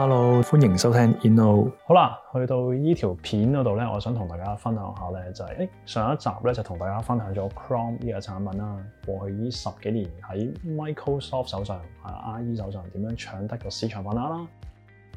Hello，歡迎收聽 Ino。好啦，去到依條片嗰度咧，我想同大家分享一下咧、就係，就係誒上一集咧就同大家分享咗 Chrome 呢個產品啦。過去呢十幾年喺 Microsoft 手上、喺 IE 手上點樣搶得個市場份額啦。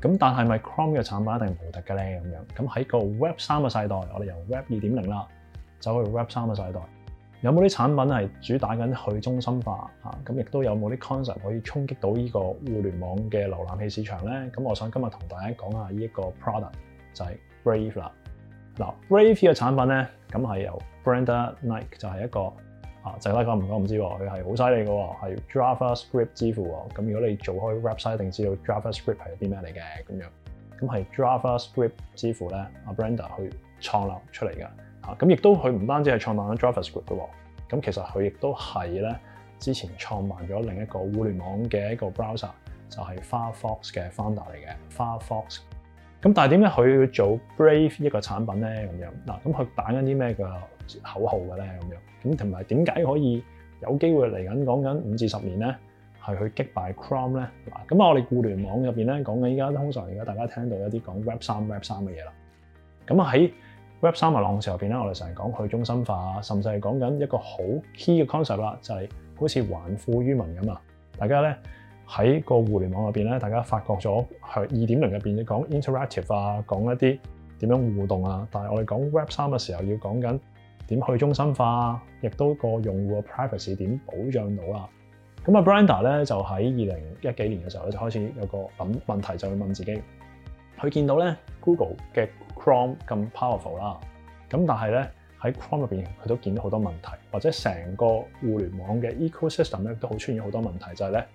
咁但係咪 Chrome 嘅產品一定無敵嘅咧？咁樣咁喺個 Web 三嘅世代，我哋由 Web 二點零啦，走去 Web 三嘅世代。有冇啲產品係主打緊去中心化咁亦、啊、都有冇啲 concept 可以衝擊到呢個互聯網嘅瀏覽器市場咧？咁我想今日同大家講下呢一個 product 就係 Brave 啦。嗱、啊、Brave 呢個產品咧，咁、嗯、係由 Brander Nike 就係一個啊，就係大家唔講唔知，佢係好犀利嘅，係 JavaScript 之父。咁如果你做開 web site，一定知道 JavaScript 係啲咩嚟嘅咁樣。咁係 JavaScript 之父咧，阿、啊、Brander 去創立出嚟㗎。咁亦都佢唔單止係創辦咗 Drivers Group 嘅喎，咁其實佢亦都係咧之前創辦咗另一個互聯網嘅一個 Browser，就係 Firefox 嘅 Founder 嚟嘅 Firefox。咁但係點解佢要做 Brave 一個產品咧？咁樣嗱，咁佢打緊啲咩嘅口號嘅咧？咁樣咁同埋點解可以有機會嚟緊講緊五至十年咧，係去擊敗 Chrome 咧？嗱，咁啊，我哋互聯網入面咧，講緊依家通常而家大家聽到一啲講 Web 三 Web 三嘅嘢啦，咁喺 Web 三嘅浪潮入邊咧，我哋成日講去中心化，甚至係講緊一個好 key 嘅 concept 啦，就係、是、好似還富於民咁啊！大家咧喺個互聯網入邊咧，大家發覺咗係二點零入邊，講 interactive 啊，講一啲點樣互動啊，但係我哋講 Web 三嘅時候，要講緊點去中心化，亦都個用戶嘅 privacy 點保障到啦。咁啊 Brenda 咧就喺二零一幾年嘅時候咧，就開始有個諗問題，就去問自己。佢見到咧 Google 嘅 Chrome 咁 powerful 啦，咁但係咧喺 Chrome 入邊佢都見到好多問題，或者成個互聯網嘅 ecosystem 咧都好出現好多問題，就係咧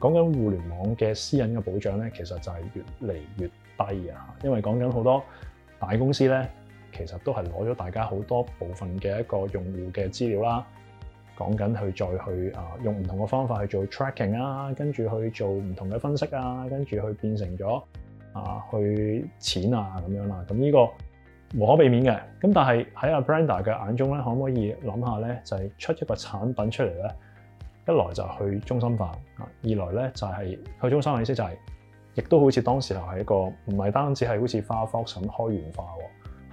講緊互聯網嘅私隱嘅保障咧，其實就係越嚟越低啊！因為講緊好多大公司咧，其實都係攞咗大家好多部分嘅一個用戶嘅資料啦，講緊佢再去啊用唔同嘅方法去做 tracking 啊，跟住去做唔同嘅分析啊，跟住去變成咗。啊，去錢啊咁樣啦，咁呢個無可避免嘅。咁但係喺阿 Brendan 嘅眼中咧，可唔可以諗下咧，就係、是、出一個產品出嚟咧，一來就去中心化，二來咧就係、是、去中心嘅意思就係、是，亦都好似當時候係一個唔係單止係好似 Firefox 咁開源化，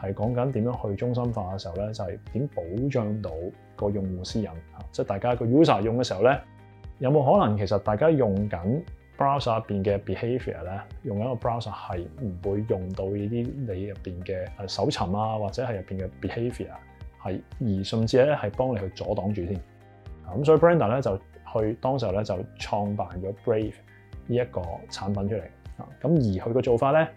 係講緊點樣去中心化嘅時候咧，就係、是、點保障到個用戶私隱、啊，即係大家個 user 用嘅時候咧，有冇可能其實大家用緊？Browser 入邊嘅 behavior 咧，用緊個 browser 係唔會用到呢啲你入邊嘅搜尋啊，或者係入邊嘅 behavior 係，而甚至咧係幫你去阻擋住先。咁所以 Brenda 咧就去當時候咧就創辦咗 Brave 呢一個產品出嚟。咁而佢嘅做法咧，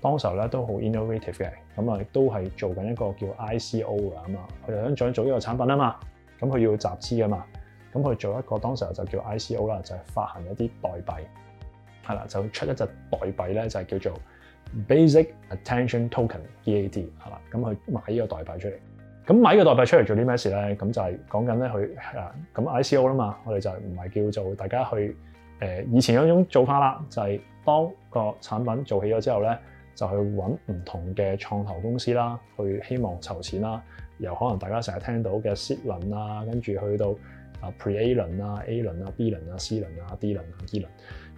當時候咧都好 innovative 嘅。咁啊，亦都係做緊一個叫 ICO 啊嘛，佢就想想做呢個產品啊嘛，咁佢要集資啊嘛。咁佢做一個，當時候就叫 I C O 啦，就係、是、發行一啲代幣係啦，就出一隻代幣咧，就係、是、叫做 Basic Attention Token B A T 係啦。咁去買呢個代幣出嚟，咁買個代幣出嚟做啲咩事咧？咁就係講緊咧佢啊咁 I C O 啦嘛，我哋就唔係叫做大家去、呃、以前嗰種做法啦，就係、是、當個產品做起咗之後咧，就去揾唔同嘅創投公司啦，去希望籌錢啦。由可能大家成日聽到嘅 Shib 倫啦跟住去到。啊，Pre A 輪啊、A 輪啊、B 輪啊、C 輪啊、D 輪啊、E 輪。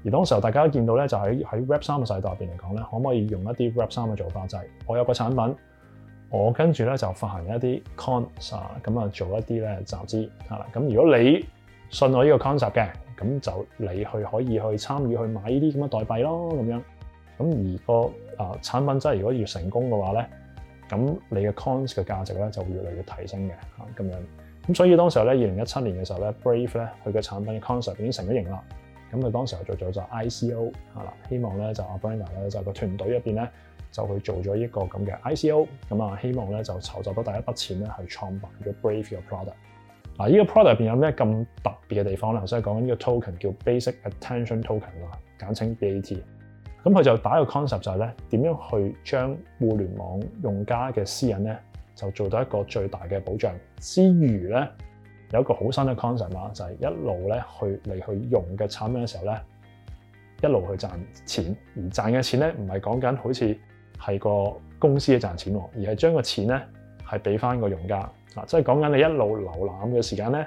而當時候大家見到咧，就喺喺 Web 三嘅世代入邊嚟講咧，可唔可以用一啲 Web 三嘅做法？就係我有個產品，我跟住咧就發行一啲 concept，咁啊做一啲咧集資嚇。咁如果你信我呢個 concept 嘅，咁就你去可以去參與去買呢啲咁嘅代幣咯，咁樣。咁而個啊產品真係如果要成功嘅話咧，咁你嘅 concept 嘅價值咧就會越嚟越提升嘅嚇，咁樣。咁所以當時候咧，二零一七年嘅時候咧，Brave 咧佢嘅產品嘅 concept 已經成咗型啦。咁佢當時候做咗就 ICO 啊啦，希望咧就阿 Brendan 咧就是、個團隊入邊咧就去做咗一個咁嘅 ICO、啊。咁啊希望咧就籌集到第一筆錢咧，去創辦咗 Brave Your product。嗱、啊、呢、這個 product 入邊有咩咁特別嘅地方咧？頭先講緊呢個 token 叫 Basic Attention Token 啦，簡稱 BAT。咁佢就打個 concept 就係咧點樣去將互聯網用家嘅私隱咧，就做到一個最大嘅保障之餘咧，有一個好新嘅 concept 啊，就係一路咧去你去用嘅產品嘅時候咧，一路去賺錢。而賺嘅錢咧，唔係講緊好似係個公司嘅賺錢，而係將個錢咧係俾翻個用家啊，即係講緊你一路瀏覽嘅時間咧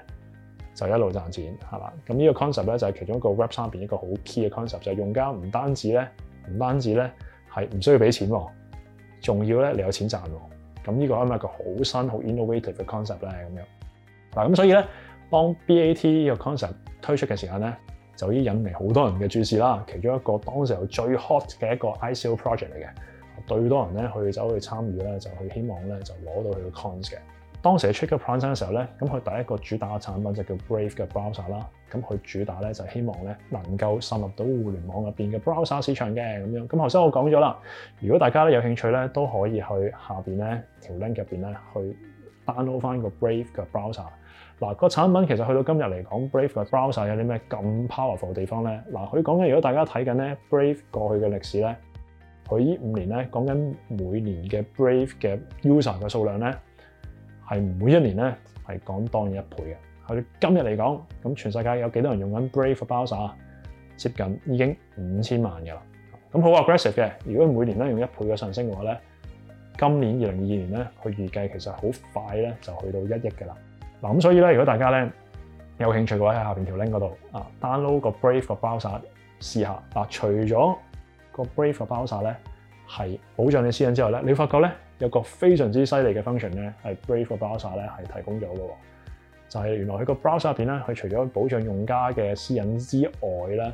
就一路賺錢係嘛？咁呢個 concept 咧就係其中一個 Web3 邊一個好 key 嘅 concept，就係用家唔單止咧，唔單止咧係唔需要俾錢，仲要咧你有錢賺喎。咁呢個啱啱一個好新、好 innovative 嘅 concept 咧，咁樣嗱，咁所以咧，當 BAT 呢個 concept 推出嘅時間咧，就已經引嚟好多人嘅注視啦。其中一個當時候最 hot 嘅一個 ICO project 嚟嘅，對多人咧去走去參與咧，就去希望咧就攞到佢嘅 concept 嘅。當時喺 Triggerpoint 嘅時候咧，咁佢第一個主打嘅產品就叫 Brave 嘅 Browser 啦。咁佢主打咧就希望咧能夠滲入到互聯網入邊嘅 Browser 市場嘅咁樣。咁頭先我講咗啦，如果大家咧有興趣咧，都可以去下邊咧條 link 入邊咧去 download 翻個 Brave 嘅 Browser。嗱個產品其實去到今日嚟講，Brave 嘅 Browser 有啲咩咁 powerful 嘅地方咧？嗱，佢講緊如果大家睇緊咧 Brave 過去嘅歷史咧，佢呢五年咧講緊每年嘅 Brave 嘅 user 嘅數量咧。係每一年咧係講當然一倍嘅。佢今日嚟講，咁全世界有幾多人用緊 Brave Browser 啊？接近已經五千萬嘅啦。咁好 aggressive 嘅。如果每年咧用一倍嘅上升嘅話咧，今年二零二二年咧，佢預計其實好快咧就去到一億嘅啦。嗱咁所以咧，如果大家咧有興趣嘅話，喺下邊條 link 度啊，download 個 Brave Browser 試下。嗱，除咗個 Brave Browser 咧係保障你私隱之外咧，你會發覺咧。有個非常之犀利嘅 function 咧，係 Brave Browser 咧係提供咗嘅。就係、是、原來佢個 Browser 入邊咧，佢除咗保障用家嘅私隱之外咧，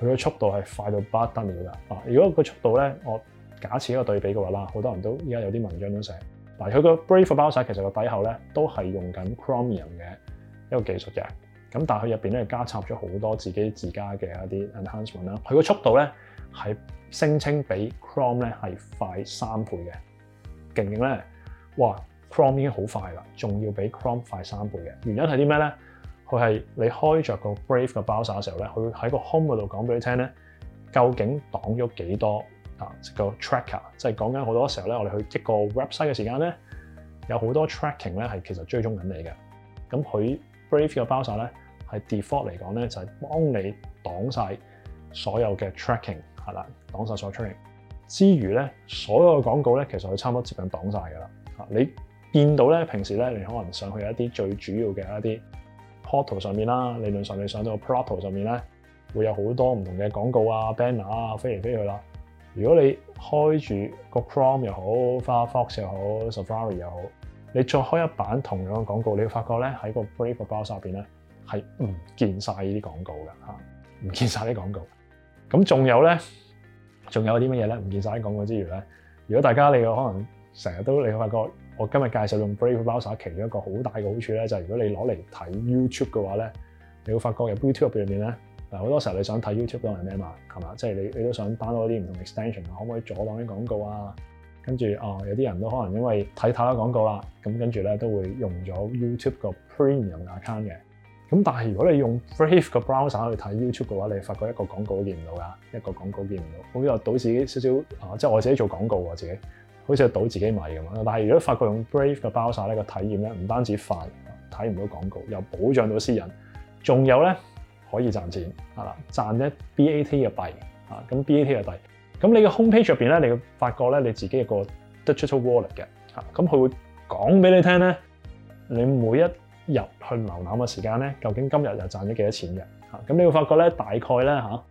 佢嘅速度係快到不得了㗎。啊，如果個速度咧，我假設一個對比嘅話啦，好多人都依家有啲文章都寫。嗱，佢個 Brave Browser 其實個底後咧都係用緊 Chromium 嘅一個技術嘅，咁但係佢入邊咧加插咗好多自己自家嘅一啲 enhancement 啦。佢個速度咧係聲稱比 Chrome 咧係快三倍嘅。勁勁咧，哇，Chrome 已經好快啦，仲要比 Chrome 快三倍嘅。原因係啲咩咧？佢係你開着個 Brave 嘅 Browser 嘅時候咧，佢會喺個 home 嗰度講俾你聽咧，究竟擋咗幾多啊？這個 tracker，即係講緊好多時候咧，我哋去一個 website 嘅時間咧，有好多 tracking 咧係其實追蹤緊你嘅。咁佢 Brave 嘅 Browser 咧，係 default 嚟講咧就係幫你擋晒所有嘅 tracking，係啦、啊，擋晒所有 Tracking。之餘咧，所有嘅廣告咧，其實佢差唔多接近擋晒㗎啦。嚇，你見到咧，平時咧，你可能上去一啲最主要嘅一啲 portal 上面啦，理論上你上到 portal 上面咧，會有好多唔同嘅廣告啊、banner 啊飛嚟飛去啦。如果你開住個 Chrome 又好、Firefox 又好、Safari 又好，你再開一版同樣嘅廣告，你會發覺咧喺個 Brave Browser 上邊咧係唔見晒呢啲廣告㗎，嚇，唔見曬啲廣告。咁仲有咧。仲有啲乜嘢咧？唔見晒啲廣告之餘咧，如果大家你可能成日都你會發覺，我今日介紹用 Brave Browser 其中一個好大嘅好處咧，就係如果你攞嚟睇 YouTube 嘅話咧，你會發覺嘅 YouTube 入邊面咧，嗱好多時候你想睇 YouTube 都係咩嘛？係嘛？即係你你都想 download 啲唔同 extension 啊，可唔可以阻擋啲廣告啊？跟住哦，有啲人都可能因為睇太多廣告啦，咁跟住咧都會用咗 YouTube 個 Premium Account 嘅。咁但係如果你用 Brave 嘅 browser 去睇 YouTube 嘅話，你發覺一個廣告都見唔到㗎，一個廣告都見唔到。好似又賭自己少少啊，即係我自己做廣告喎自己，好似賭自己米咁啊！但係如果發覺用 Brave 嘅 browser 咧個體驗咧，唔單止快，睇唔到廣告，又保障到私隱，仲有咧可以賺錢啊！賺咧 BAT 嘅幣啊，咁 BAT 嘅幣。咁你嘅 home page 入面咧，你會發覺咧你自己有一個 Digital wallet 嘅吓，咁佢會講俾你聽咧，你每一入去瀏覽嘅時間咧，究竟今日又賺咗幾多錢嘅？嚇，咁你會發覺咧，大概咧嚇，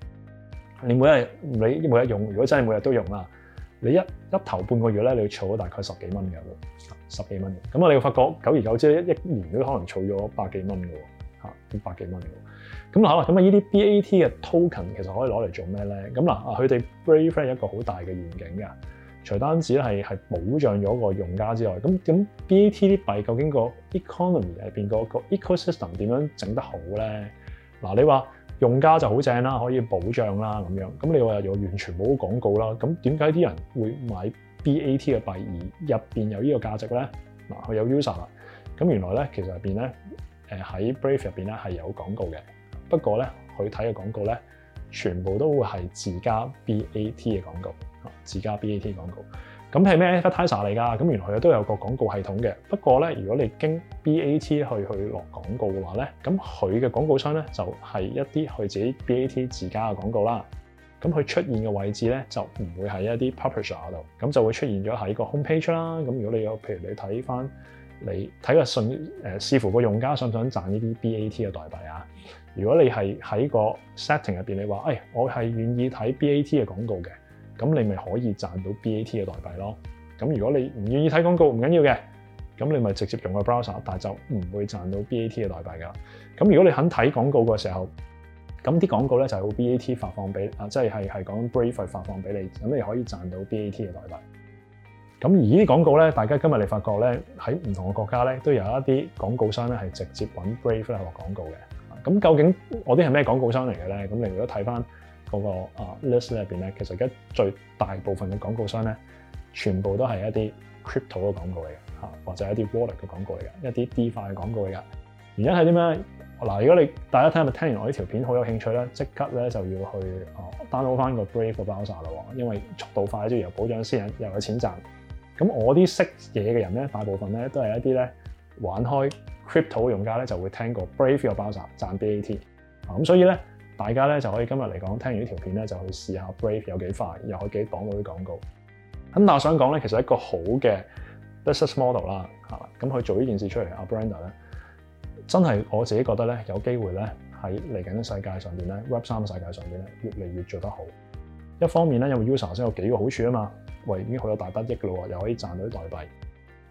你每日你每日用，如果真係每日都用啦，你一一頭半個月咧，你要儲咗大概十幾蚊嘅喎，十幾蚊。咁啊，你會發覺久而久之一一年都可能儲咗百幾蚊嘅喎，嚇，百幾蚊嚟嘅。咁嗱，咁啊，呢啲 B A T 嘅 token 其實可以攞嚟做咩咧？咁嗱，啊佢哋 Brave 有一個好大嘅願景㗎。除單止係保障咗個用家之外，咁咁 BAT 啲幣究竟個 economy 入邊個 ecosystem 點樣整得好咧？嗱，你話用家就好正啦，可以保障啦咁樣，咁你話又完全冇廣告啦，咁點解啲人會買 BAT 嘅幣而入邊有呢個價值咧？嗱，佢有 user 啦，咁原來咧其實入邊咧，誒喺 Brave 入邊咧係有廣告嘅，不過咧佢睇嘅廣告咧，全部都會係自家 BAT 嘅廣告，啊，自家 BAT 嘅廣告。咁係咩 Advertiser 嚟㗎？咁原來佢都有個廣告系統嘅。不過咧，如果你經 BAT 去去落廣告嘅話咧，咁佢嘅廣告商咧就係一啲佢自己 BAT 自家嘅廣告啦。咁佢出現嘅位置咧就唔會係一啲 Publisher 度，咁就會出現咗喺個 Homepage 啦。咁如果你有，譬如你睇翻你睇個信誒，視乎個用家想唔想賺呢啲 BAT 嘅代幣啊。如果你係喺個 setting 入邊，你話，誒，我係願意睇 B A T 嘅廣告嘅，咁你咪可以賺到 B A T 嘅代幣咯。咁如果你唔願意睇廣告，唔緊要嘅，咁你咪直接用個 browser，但係就唔會賺到 B A T 嘅代幣㗎啦。咁如果你肯睇廣告嘅時候，咁啲廣告咧就係、用 B A T 發放俾啊，即係係係講 Brave 發放俾你，咁你可以賺到 B A T 嘅代幣。咁而呢啲廣告咧，大家今日你發覺咧，喺唔同嘅國家咧都有一啲廣告商咧係直接揾 Brave 嚟落廣告嘅。咁究竟我啲係咩廣告商嚟嘅咧？咁你如果睇翻嗰個啊 list 咧入邊咧，其實而家最大部分嘅廣告商咧，全部都係一啲 crypto 嘅廣告嚟嘅，嚇或者一啲 wallet 嘅廣告嚟嘅，一啲 d 化嘅廣告嚟嘅。原因係啲咩？嗱，如果你大家睇下，咪聽完我呢條片好有興趣咧，即刻咧就要去 download 翻個 Brave 個 Browser 啦，因為速度快，即且由保障先隱，又有錢賺。咁我啲識嘢嘅人咧，大部分咧都係一啲咧玩開。Crypto 用家咧就會聽過 Brave your 賺 BAT 啊咁，所以咧大家咧就可以今日嚟講聽完呢條片咧就去試下 Brave 有幾快，又可以擋到啲廣告。咁但我想講咧，其實一個好嘅 business model 啦，嚇咁去做呢件事出嚟，阿、啊、Brenda 咧真係我自己覺得咧有機會咧喺嚟緊世界上邊咧 Web 三嘅世界上邊咧越嚟越做得好。一方面咧，因為 user 先有幾個好處啊嘛，喂已經好有大得益噶啦喎，又可以賺到啲代幣。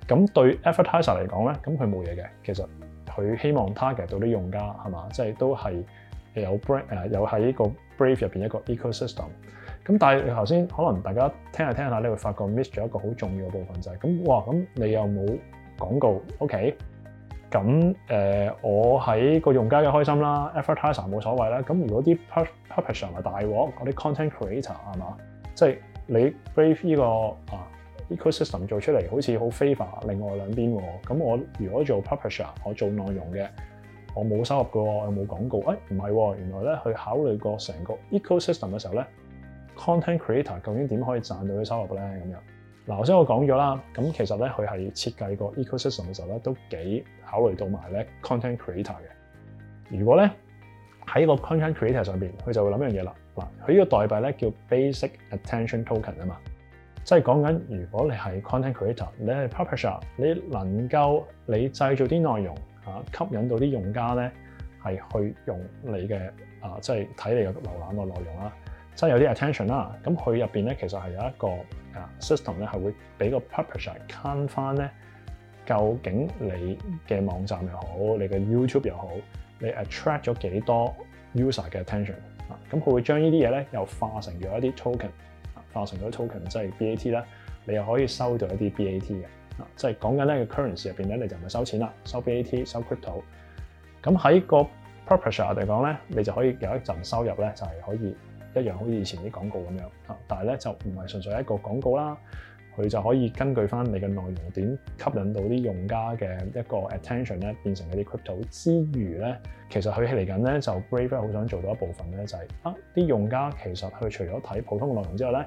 咁對 advertiser 嚟講咧，咁佢冇嘢嘅。其實佢希望 target 到啲用家係嘛，即係都係有 Brave 有喺呢個 Brave 入邊一個 ecosystem。咁但係你頭先可能大家聽下聽下你會發覺 miss 咗一個好重要嘅部分就係、是、咁哇。咁你又冇廣告，OK？咁、呃、我喺個用家嘅開心啦，advertiser 冇所謂啦。咁如果啲 publication 大鑊，嗰啲 content creator 係嘛，即係你 Brave 呢、呢個啊。Ecosystem 做出嚟好似好 favor。另外兩邊咁。我如果做 publisher，我做內容嘅，我冇收入嘅喎，又冇廣告。誒，唔係，原來咧佢考慮過成個 ecosystem 嘅時候咧，content creator 究竟點可以賺到啲收入咧？咁樣嗱，頭先我講咗啦。咁其實咧，佢係設計個 ecosystem 嘅時候咧，都幾考慮到埋咧 content creator 嘅。如果咧喺個 content creator 上面，佢就會諗一樣嘢啦。嗱，佢呢個代幣咧叫 Basic Attention Token 啊嘛。即係講緊，如果你係 content creator，你係 publisher，你能夠你製造啲內容、啊、吸引到啲用家咧，係去用你嘅啊，即係睇你嘅瀏覽嘅內容啦、啊，即係有啲 attention 啦、啊。咁佢入面咧，其實係有一個啊 system 咧，係會俾個 publisher count 返咧，究竟你嘅網站又好，你嘅 YouTube 又好，你 attract 咗幾多 user 嘅 attention 啊？咁佢會將呢啲嘢咧，又化成咗一啲 token。變成咗 token，即係 BAT 啦，你又可以收到一啲 BAT 嘅，啊，即係講緊咧嘅 currency 入邊咧，你就唔係收錢啦，收 BAT，收 crypto。咁喺個 publisher 嚟講咧，你就可以有一陣收入咧，就係可以一樣好似以前啲廣告咁樣，啊，但係咧就唔係純粹一個廣告啦，佢就可以根據翻你嘅內容點吸引到啲用家嘅一個 attention 咧，變成一啲 crypto 之餘咧，其實佢嚟緊咧就 Brave 好想做到一部分咧，就係啊啲用家其實佢除咗睇普通嘅內容之外咧。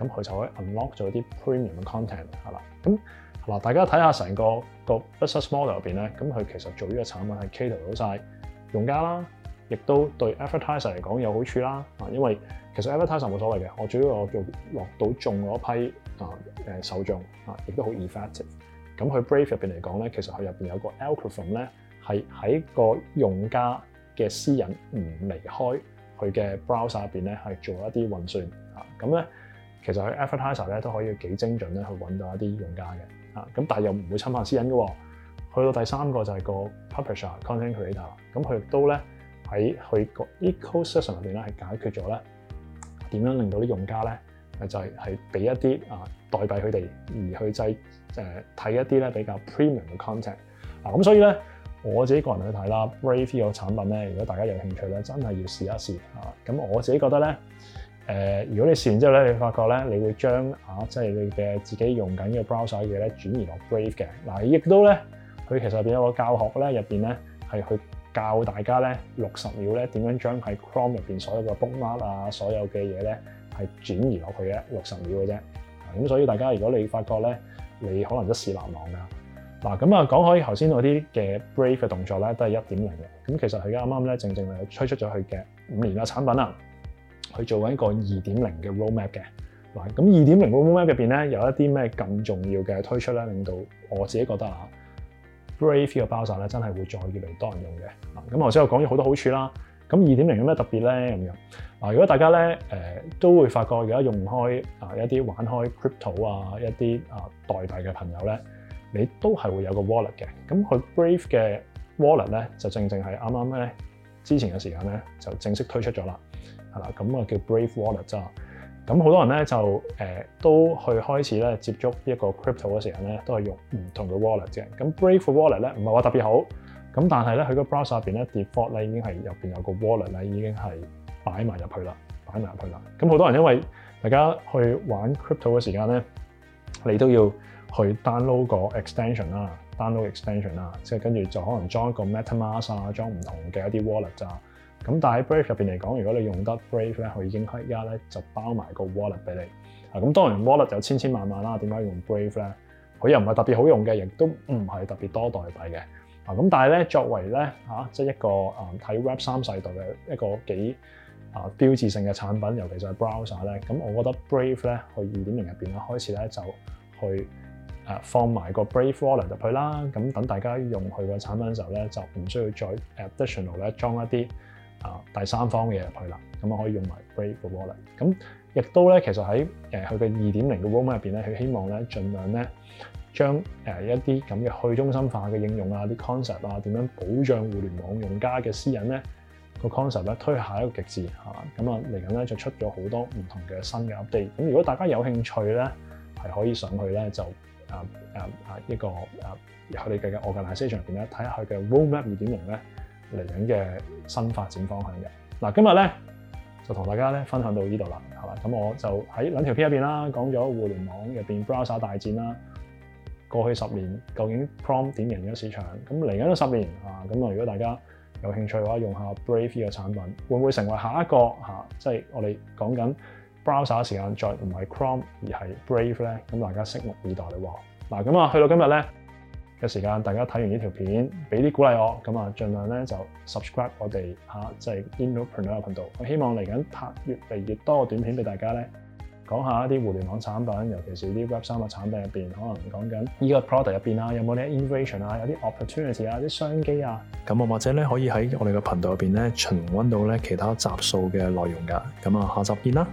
咁佢就可以 unlock 咗啲 premium 嘅 content，係啦。咁大家睇下成個 business model 入面咧，咁佢其實做呢個產品係 cater 到晒用家啦，亦都對 advertiser 嚟講有好處啦。啊，因為其實 advertiser 冇所謂嘅，我主要我做落到中嗰批啊誒受眾啊，亦都好 effective。咁佢 Brave 入面嚟講咧，其實佢入面有個 algorithm 咧，係喺個用家嘅私隱唔離開佢嘅 browser 入面咧，係做一啲運算啊。咁咧。其實喺 advertiser 咧都可以幾精準咧去揾到一啲用家嘅，咁但係又唔會侵犯私隱嘅。去到第三個就係個 publisher content creator，咁佢亦都咧喺佢個 ecosystem 入邊咧係解決咗咧點樣令到啲用家咧就係係俾一啲啊代幣佢哋而去制誒睇一啲咧比較 premium 嘅 content 啊，咁所以咧我自己個人去睇啦，Brave 呢個產品咧，如果大家有興趣咧，真係要試一試啊。咁我自己覺得咧。誒，如果你試完之後咧，你發覺咧，你會，發覺你會將啊，即係你嘅自己用緊嘅 browser 嘅嘢咧，轉移落 Brave 嘅。嗱、啊，亦都咧，佢其實入邊有個教學咧，入邊咧係去教大家咧六十秒咧點樣將喺 Chrome 入邊所有嘅 bookmark 啊，所有嘅嘢咧係轉移落去嘅，六十秒嘅啫。咁、啊、所以大家如果你發覺咧，你可能一試難忘㗎。嗱、啊，咁啊，啊講開頭先嗰啲嘅 Brave 嘅動作咧，都係一點零嘅。咁其實佢啱啱咧，正正係推出咗佢嘅五年嘅產品啦。去做緊一個二點零嘅 roadmap 嘅，嗱，咁二點零嘅 roadmap 入邊咧有一啲咩咁重要嘅推出咧，令到我自己覺得啊，Brave 嘅 browser 咧真係會再越嚟越多人用嘅，啊，咁頭先我講咗好多好處啦，咁二點零有咩特別咧咁樣？嗱，如果大家咧誒都會發覺而家用唔開啊，一啲玩開 crypto 啊，一啲啊代幣嘅朋友咧，你都係會有個 wallet 嘅，咁佢 Brave 嘅 wallet 咧就正正係啱啱咧之前嘅時間咧就正式推出咗啦。係啦，咁啊叫 Brave Wallet 咋？咁好多人咧就、呃、都去開始咧接觸一個 crypto 嘅時候咧，都係用唔同嘅 wallet 嘅。咁 Brave Wallet 咧唔係話特別好，咁但係咧佢個 browser 入面咧，Default 咧已經係入面有個 wallet 咧已經係擺埋入去啦，擺埋入去啦。咁好多人因為大家去玩 crypto 嘅時間咧，你都要去 download 個 extension 啦，download extension 啦，即係跟住就可能裝一個 MetaMask 啊，裝唔同嘅一啲 wallet 咋。咁但係 Brave 入面嚟講，如果你用得 Brave 咧，佢已經可以依家咧就包埋個 Wallet 俾你。啊，咁當然 Wallet 有千千萬萬啦。點解用 Brave 咧？佢又唔係特別好用嘅，亦都唔係特別多代幣嘅。啊，咁但係咧作為咧嚇即係一個啊睇 Web 三世代嘅一個幾啊標誌性嘅產品，尤其就係 Browser 咧。咁我覺得 Brave 咧佢二點零入面咧開始咧就去誒放埋個 Brave Wallet 入去啦。咁等大家用佢嘅產品嘅時候咧，就唔需要再 additional 咧裝一啲。啊，第三方嘅入去啦，咁啊可以用埋 Brave 嘅 Wallet。咁亦都咧，其實喺佢嘅二0零嘅 Wallet 入邊咧，佢希望咧盡量咧將、呃、一啲咁嘅去中心化嘅應用啊，啲 Concept 啊，點樣保障互聯網用家嘅私隱咧、這個 Concept 咧推下一極致嚇。咁啊嚟緊咧就出咗好多唔同嘅新嘅 Update。咁、啊、如果大家有興趣咧，係可以上去咧就誒誒誒一個誒佢哋嘅我嘅 n 些上邊咧睇下佢嘅 Wallet 二2零咧。嚟緊嘅新發展方向嘅嗱，今日咧就同大家咧分享到呢度啦，係嘛？咁我就喺兩條片入邊啦，講咗互聯網入邊 browser 大戰啦，過去十年究竟 Chrome 點贏咗市場？咁嚟緊嘅十年啊，咁啊，如果大家有興趣嘅話，用下 Brave 呢個產品，會唔會成為下一個嚇？即係我哋講緊 browser 嘅時間，再唔係 Chrome 而係 Brave 咧？咁大家拭目以待啦喎！嗱，咁啊，去到今日咧。嘅時間，大家睇完呢條片，俾啲鼓勵我，咁啊，儘量咧就 subscribe、是、我哋嚇即係 Innopreneur 嘅頻道。我希望嚟緊拍越嚟越多嘅短片俾大家咧，講下一啲互聯網產品，尤其是啲 web 三嘅產品入邊，可能講緊依個 product 入邊啊，有冇啲 information 啊，有啲 opportunity 啊，啲商機啊。咁啊，或者咧可以喺我哋嘅頻道入邊咧，循温到咧其他集數嘅內容㗎。咁啊，下集見啦。